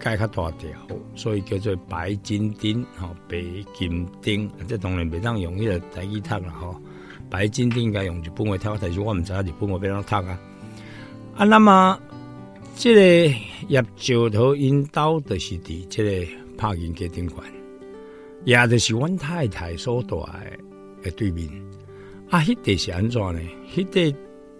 街卡大條，所以叫做白金町、哦、白金町，即、啊、當然未得用迄個台語讀啦，嗬、哦。白金町應該用日本話讀，但是我唔知係搬去邊度讀啊。啊，那麼即、這個葉石濤引刀，就是喺即個白金町頂懸，也、啊、就是我太太所的在嘅對面。啊，迄、那、哋、個、是安怎呢？迄哋。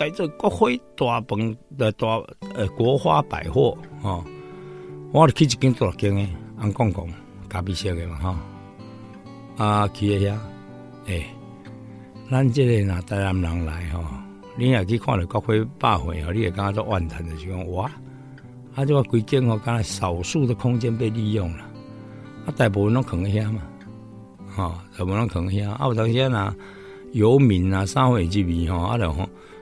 在這國華大本的、呃、大呃國華百貨、哦哦、啊，我哋去一間大間咧，安講講咖啡色嘅嘛哈，啊去一下，誒，咱這裏、個、哪台南人來吼、哦，你也去看了國華百貨，你也感覺萬層的，就講哇，啊這個規間哦，剛才少數的空間被利用了，啊大部分攏空喺嘛，啊、哦、大部分攏空啊，有當時啊，遊民啊，三匯這邊啊，然後。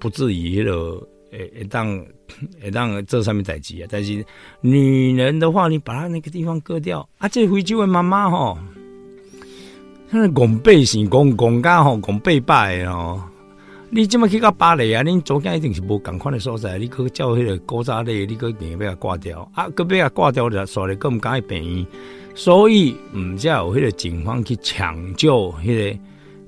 不至於了、那個，誒誒，當誒這上面代志啊。但是女人的話，你把她那個地方割掉啊，這是非洲的媽媽吼，講背心，講講家吼，講背拜哦。你怎麼去到巴黎啊？你祖家一定是無咁款的所在，你去叫那個古早的，你去邊邊掛掉啊，邊邊掛掉了，所以更唔敢去病院。所以唔只有那個警方去搶救那個。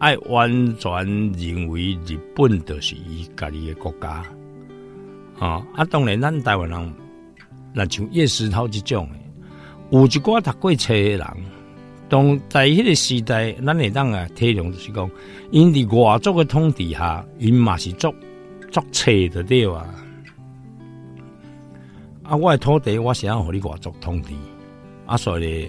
愛完全認為日本就是的是伊家己嘅國家，哦，啊！當然咱台灣人那像葉石濤即種嘅，有一個讀過冊嘅人，當在迄個時代，咱嚟人啊，體諒就是講，因佇外族嘅統治下，因嘛是做做冊的對伐？啊，我嘅土地，我想和你外族統治，啊，所以。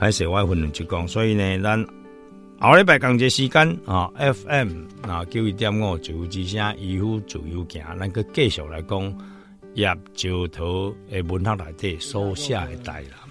喺社會混亂，就講，所以呢，咱後禮拜同節時間、哦、啊，F M 嗱九一點五自由之聲，伊有自由行，咱擱繼續來講葉石濤嘅文學內底所寫嘅代啦。